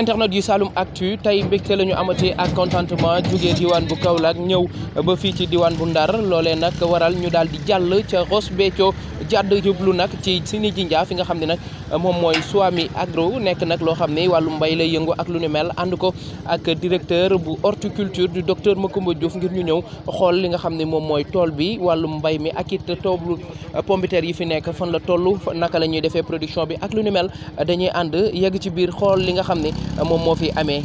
internet yu Saloum Actu tey mbégte la ñu amati ak contentement jógee diwaan bu Kaolack ñëw ba fii ci diwaan bu Ndar loolee nag waral ñu daal di jàll ca Ross Béthio jadd jublu nak ci sini jinja fi nga xamni nak mom moy Agro nek nak lo xamni walu mbay lay yëngu ak lu ni mel and ko ak directeur bu horticulture du docteur Makumba Diouf ngir ñu ñew xol li nga xamni mom moy tol bi walu mbay mi ak it toblu pompiter yi fi nek fan la tollu naka la ñuy production bi ak lu ni mel dañuy and yegg ci bir xol li nga xamni mom mo fi amé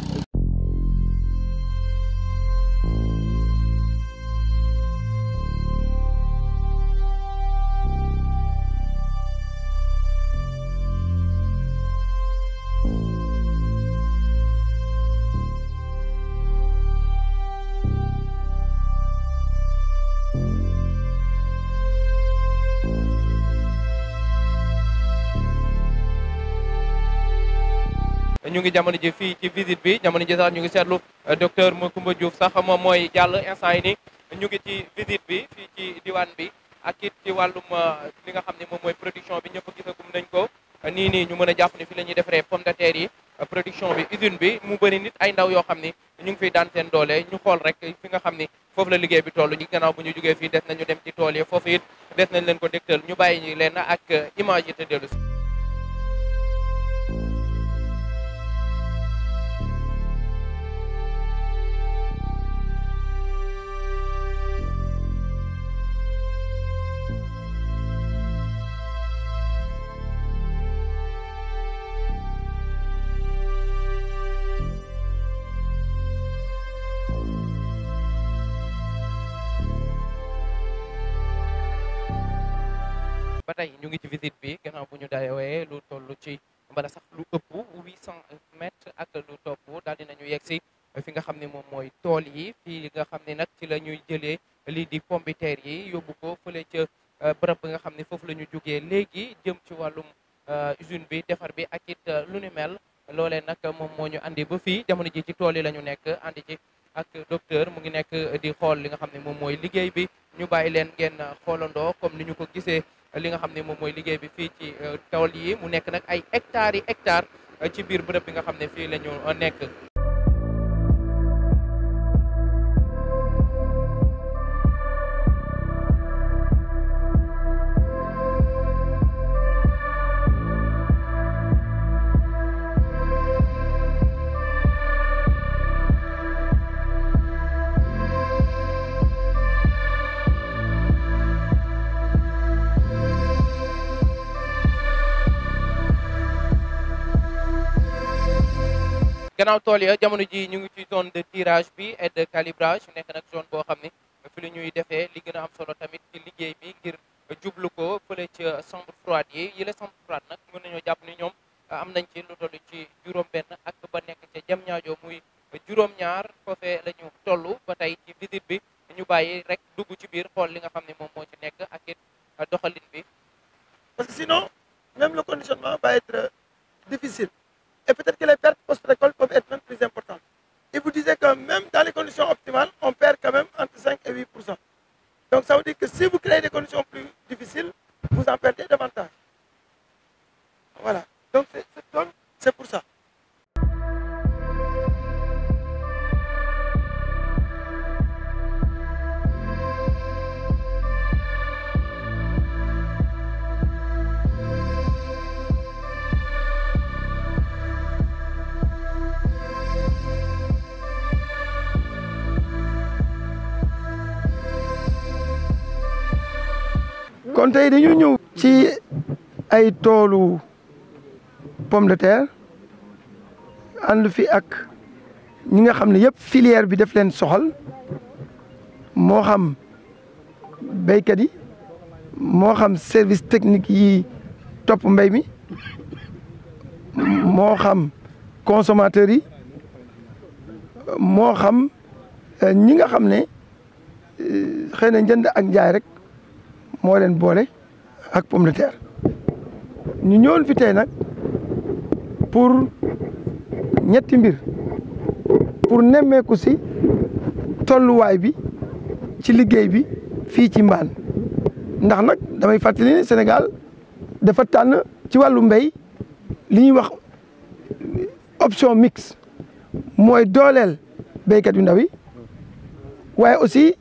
ñu ngi jamono ji fii ci visite bi jamono ji sax ñu ngi seetlu euh, docteur Macoumba Diouf sax moom mooy jàll instant yi ni ñu ngi ci visite bi fii ci diwaan bi ak it ci wàllum euh, li nga xam ne moom mooy production bi ñëpp gisagum nañ ko euh, nii nii ñu mën a jàpp ni fi la ñuy defaree pomme de terre yi production bi usine bi mu bëri nit ay ndaw yoo xam ni ñu ngi fiy daan seen doole ñu xool rek fi nga xam ni foofu la liggéey bi toll ñu gannaaw bu ñu jugee fii des nañu dem ci tool yi foofu it des nañ leen ko dégtal ñu bàyyi ñu leen ak image yi te dellu si tey ñu ngi ci visite bi gannaaw bu ñu dayowee lu tollu ci mbala sax lu ëpp cent mètres ak lu topp daal dinañu yegg si fi nga xam ne moom mooy tool yi fii nga xam ne nag ci la ñuy jëlee lii di pombiteer yi yóbbu ko fële ca euh, bërëb bi nga xam ne foofu la ñu jógee léegi jëm ci wàllum euh, usine bi defar bi ak it euh, lu ni mel loolee nag moom moo ñu andi ba fii jamono ji ci tool yi la ñu nekk andi ci ak docteur mu ngi nekk di xool li nga xam ne moom mooy liggéey bi ñu bàyyi leen ngeen xoolandoo comme ni ñu ko gisee li nga xam ne moom mooy liggéey bi fii ci euh, tool yi mu nekk nag ay hectares yi hectares euh, ci biir bërëb bi nga xam ne fii la ñu euh, nekk gannaaw tool jamono ji ñu ngi ci zone de tirage bi et de calibrage nek nak zone bo xamni fi li ñuy défé li gëna am solo tamit ci liggéey bi ngir djublu ko feulé ci chambre froide yi yi la chambre froide nag mën nañoo jàpp ni ñom euh, am nañ ci lu tollu ci juróom benn ak ba nek ci jam ñaajo muy juróom-ñaar foofee la ñu toll ba tay ci visite bi ñu bàyyi rek dugg ci biir xol li nga xamni mom mo ci nek ak it doxalin bi parce que sinon même le conditionnement va être difficile C'est pour ça. kon tey dañu ñëw ci ay toolu pomme de terre ànd fi ak ñi nga xam ne yëpp filière bi def leen soxal moo xam béykat yi moo xam service technique yi topp mbéy mi moo xam consommateurs yi moo xam euh, ñi nga xam ne euh, xëy na njënd ak njaay rek moo leen boole ak pomme de terre ñu ñëwoon fi tey nag pour ñetti mbir pour nemmeeku si tolluwaay bi ci liggéey bi fii ci mbaan ndax nag damay fàttali ne Sénégal dafa tànn ci wàllu mbéy li ñuy wax option mix mooy dooleel baykat yu ndaw yi waaye aussi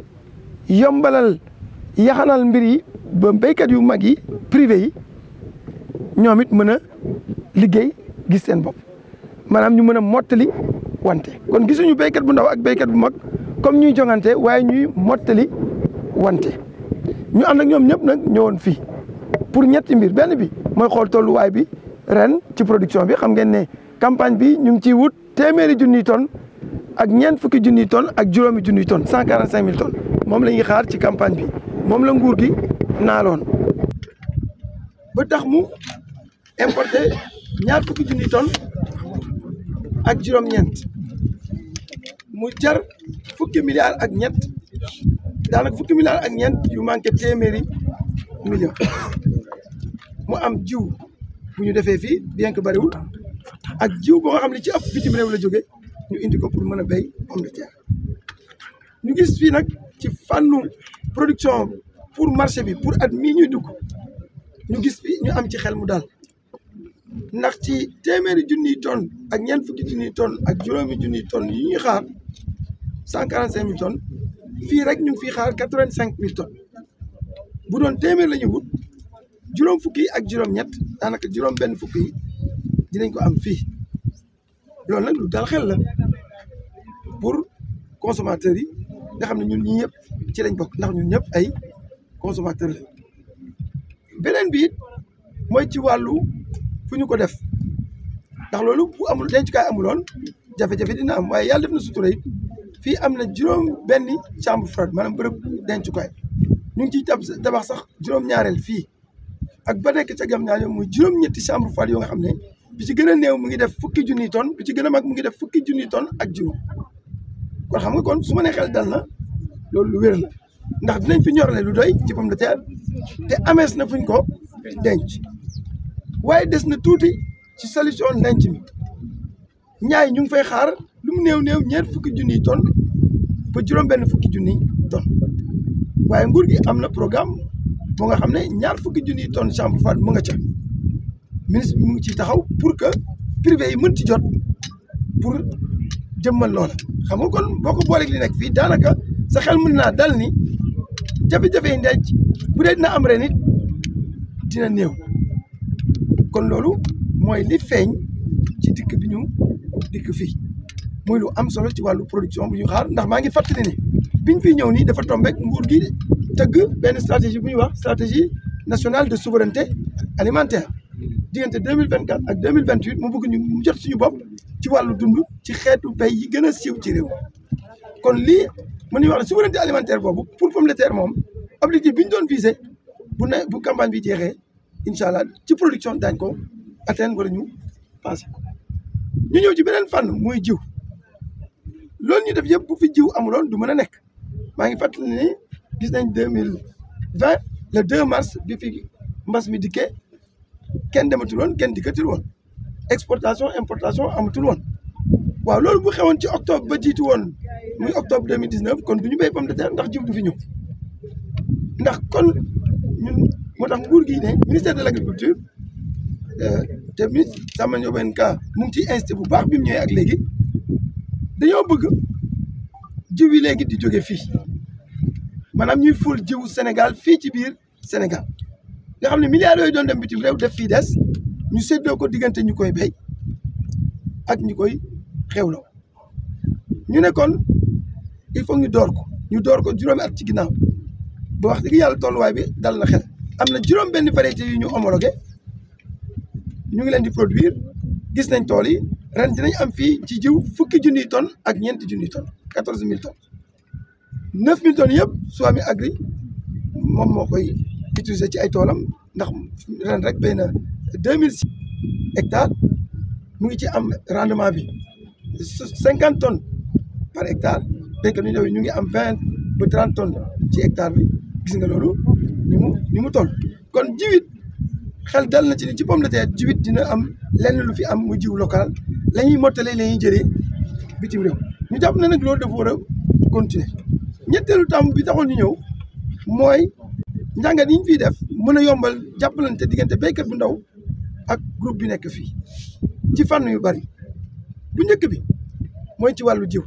yombalal yaxanal mbir yi ba baykat yu mag yi privé yi ñoom it mën a liggéey gis seen bopp maanaam ñu mën a mottali wante kon gisuñu béykat bu ndaw ak béykat bu mag comme ñuy jongante waaye ñuy mottali wante ñu am ak ñoom ñëpp nag ñëwoon fii pour ñetti mbir benn bi mooy xool tolluwaay bi ren ci production bi xam ngeen ne campagne bi ñu ngi ciy wut téeméeri junniy tonnes ak ñeent fukki junniy tonnes ak juróomi junniy tonnes cent quarante cinq mille tonnes moom lañuy xaar ci campagne bi moom la nguur gi naaloon tax mu importé ñaar fukki junniy tonnes ak juróom ñent mu jar fukki milliards ak ñett daanaka fukki milliards ak ñent yu manqué téméri million mu am jiw bu ñu défé fi bien que wu ak jiw bo xamni ci ëpp bitim rew la joggé ñu indi ko pour mëna bay am pomme ñu gis fi nak ci fannu production pour marché bi pour at mi ñuy dugg ñu gis fi ñu am ci xel mu dal ndax ci téeméeri junniy tonnes ak ñeent fukki junniy ton ak juróomi junniy tonnes yi ñuy xaar cent quarante cinq mille tonnes fii rek ñu ngi fii xaar quatre vingt cinq mille tonnes bu doon téeméer la ñu wut juróom fukki ak juróom-ñett daanaka juróom benn fukki yi dinañ ko am fii loolu nag lu dal xel la pour consommateurs yi nga xam ne ñun ñii ci lañ bokk ndax ñu ñëpp ay consommateurs la beneen bi it mooy ci wàllu. fu ñu ko def ndax loolu bu amul dencukaay amuloon jafe-jafe dina am waaye yàlla def na sutura it fii am na juróom benn chambre froide maanaam bërëb dencukaay ñu ngi ciy tabax sax juróom-ñaareel fii ak ba nekk ca gam ñaaño muy juróom-ñetti chambre froide yoo nga xam ne bi ci gën a néew mu ngi def fukki junniy tonne bi ci gën a mag mu ngi def fukki junniy tonne ak juróom kon xam nga kon su ma nee xel dal na loolu lu wér la ndax dinañ fi ñorle lu doy ci pomme de terre te amees na fuñ ko denc waaye des na tuuti ci solution ndenc mi ñaay ñu ngi fay xaar lu mu néew néew ñeent fukki junniy ton ba benn fukki junni ton waaye nguur gi am na programme bu nga xam ne ñaar fukki junni ton chambre froide mu nga ca ministre bi mu ngi ciy taxaw pour que privé yi mën ci jot pour jëmmal loola xam nga kon boo ko li nekk fii daanaka sa xel mën naa dal ni jafe-jafe yi ndenc bu dee dina am ren dina néew kon loolu moy li feeñ ci dik bi ñu dikk fii muy lu am solo ci walu production bu ñu xaar ndax ma ngi fàttali ni biñ fi ñew ni dafa tombeek nguur gi tëgg ben stratégie bu ñuy wax stratégie nationale de souveraineté alimentaire diante 2024 ak 2028 mille mu bëgg ñu mu jot suñu bop ci walu dundu ci xéetu bay yi gëna ciw ci réew kon li mu nañu wax souveraineté alimentaire bobu pour pomme de terre mom objectif biñ ñu doon visé bu ne bu campagne bi jéxé Inshallah, ci production dañ ko atteindre wala ñu passé ñu ñëw ci benen fan moy jiw loolu ñu def yëpp bu fi jiw du Nous sommes ma ngi ni gis nañ le 2 mars bi fi mbass mi fans. kenn dematul exportation importation amatul won waaw loolu bu xewon ci octobre ba jiitu octobre 2019, kon de ndax moo tax nguur gi ne ministère de l' agriculture euh, te ministre Samba Ndiobène Ka mu ngi ciy insisté bu baax bi mu ñëwee ak léegi dañoo bëgg jiw yi léegi di jóge fii maanaam ñuy ful jiwu senegal fii ci biir senegal nga xam ne milliards yooyu doon dem bitim réew def fii des ñu séddoo ko diggante ñu koy béy ak ñu koy xewloo ñu nekkoon il faut ñu door ko ñu door ko juróom at ci ginnaaw ba wax dëgg yàlla tolluwaay bi dal na xel am na juróom benn variété yu ñu homologué ñu ngi leen di produire gis nañ tool yi ren nañ am fii ci jiw fukki junniy tonnes ak ñeent junniy tonnes quatorze mille tonnes neuf mille tonnes yëpp Swami Agri moom moo koy utiliser ci ay toolam ndax ren rek béy na deux mille six hectares mu ngi ci am rendement bi cinquante tonnes par hectare béykat yu ndaw yi ñu ngi am vingt ba trente tonnes ci hectare bi gis nga loolu ni mu ni toll kon jiwit xel dal na ci ni ci pomme jiwit dina am lenn lu fi am mu jiw local lañuy ñuy mottalee la ñuy jëlee bitim réew ñu jàpp ne nag loolu dafa war continuer ñetteelu tam bi taxoon ñu ñëw mooy njànga yi ñu fiy def mën a yombal jàppalante diggante béykat bu ndaw ak groupe bi nekk fii ci fànn yu bari bu njëkk bi mooy ci wàllu jiw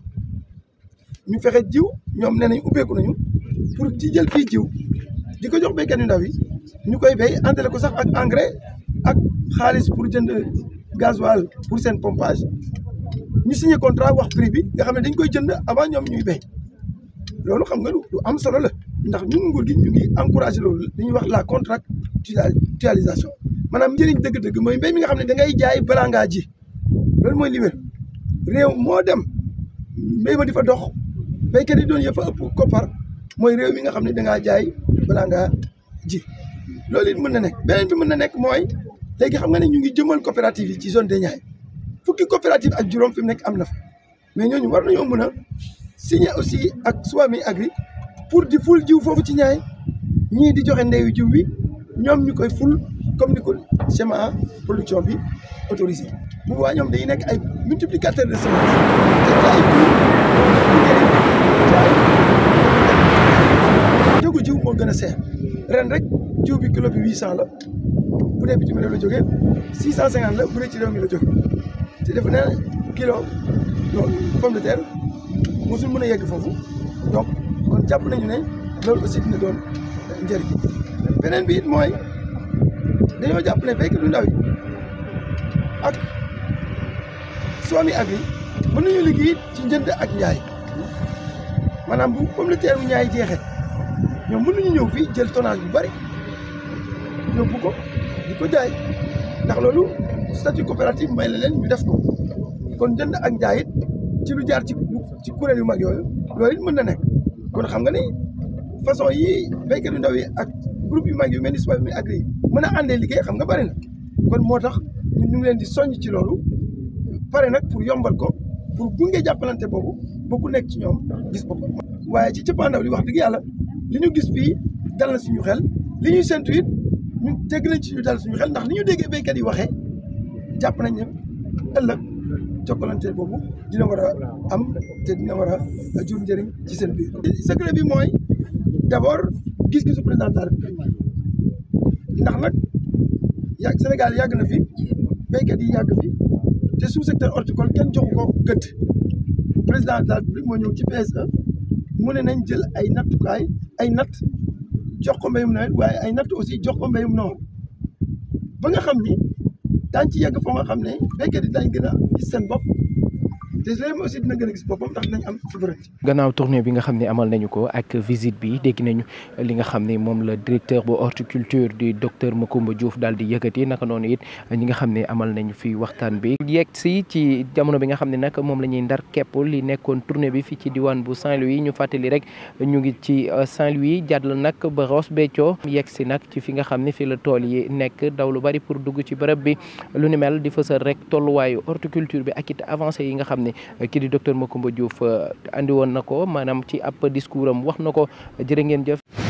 ñu fexe jiw ñoom nee nañ ubbeeku nañu pour ci jël fii jiw di jox béykat yu ndaw yi ñu koy bay àndale ko sax ak engrais ak xaalis pour jënd gasoil pour seen pompage ñu signé contrat wax prix bi nga xam ne dañ koy jënd avant ñoom ñuy béy loolu xam nga lu am solo la ndax ñun nguur gi ñu ngi encouragé loolu li ñuy wax la contractualisation maanaam njëriñ dëgg-dëgg mooy mbéy mi nga xam ne da ngay jaay balaa ji loolu mooy li wér moo dem mbéy ma di fa dox béykat yi doon yëfa ëpp koppar mooy réew mi nga xam ne da ngaa jaay. balaa nga ji loolu it mën na nekk beneen bi mën na nekk mooy léegi xam nga ne ñu ngi jëmal coopérative yi ci zone des Niayes fukki coopérative ak juróom fi mu nekk am na fa mais ñooñu war nañoo mën a signer aussi ak Swami Agri pour di ful jiw foofu ci ñaay ñii di joxe ndeyu jiw bi ñoom ñu koy ful comme ni ko schéma production bi autorisé bu waa ñoom dañuy nekk ay multiplicateur de semence te jaay jiw moo gën a seer ren rek jiw bi kilo bi huit cent la bu dee bitim réew la jógee six cent cinquante la bu dee ci réew mi la jógee te dafa ne kilo donc pomme de terre mosul mën a yegg foofu donc kon jàpp nañu ne loolu aussi dina doon euh, njëriñ beneen bi it mooy dañoo jàpp ne béykat yu ndaw yi ak Swami Agri mën nañu liggéey ci njënd ak njaay maanaam bu pomme ñaay jeexee. mënu ñu ñëw fi jël tonnage bu bari bu ko di ko jaay ndax lolu statut coopérative may la leen ñu def ko kon jënd ak jaay it ci lu jaar ci ci kurel yu mag yooyu lolu mën na nek kon xam nga ni façon yi baykat yu ndaw yi ak groupe yu mag yu melni ni SOPAV Agri mëna andé liggéey xam nga bari na kon motax ñu ñu ngi leen di soñ ci lolu pare nak pour yombal ko pour gungé jappalanté bobu bokku nek ci ñom gis boppam waye ci pandaw li wax dëgg yalla li ñu gis fii dal na suñu xel li ñuy séntu it ñu tegg nañ ci ñu dal suñu xel ndax li ñu déggee béykat yi waxee jàpp nañ ne ëllëg jokkalante boobu dina war a am te dina war a jur njëriñ ci seen biir. secret bi mooy d' abord gis-gisu président de la République ndax nag yàgg Sénégal yàgg na fi béykat yi yàgg fi te sous secteur horticole kenn joxu ko gëtt président de la République moo ñëw ci PSE mu ne nañ jël ay nattukaay. ay nat jox ko mbéyum nawet waaye ay natt aussi jox ko mbéyum noor ba nga xam ni daañu ci yegg foo nga xam ne béykat day daañu gën a gis seen bopp. te loolu aussi boppam ndax dinañ am souveraineté. gannaaw tournée bi nga xam ne amal nañu ko ak visite bi dégg nañu li nga xam ne moom la directeur bu horticulture di docteur Macoumba juuf daal di yëkkati naka noonu it ñi nga xam ne amal nañu fi waxtaan bi. yegg si ci jamono bi nga xam ne nag moom la ñuy ndar képp li nekkoon tournée bi fii ci diwaan bu Saint-Louis ñu fàttali rek ñu ngi ci euh, Saint-Louis jàll nag ba Ross Béthio yegg si nag ci fi nga xam ne fi la tool yi nekk daw lu bari pour dugg ci bërëb bi lu nu mel di fësal rek tolluwaayu horticulture bi ak it avancé yi nga xam ne ki di docteur Macoumba Diouf eh, andi won nako manam ci ab discoursam wax nako jere ngeen jëf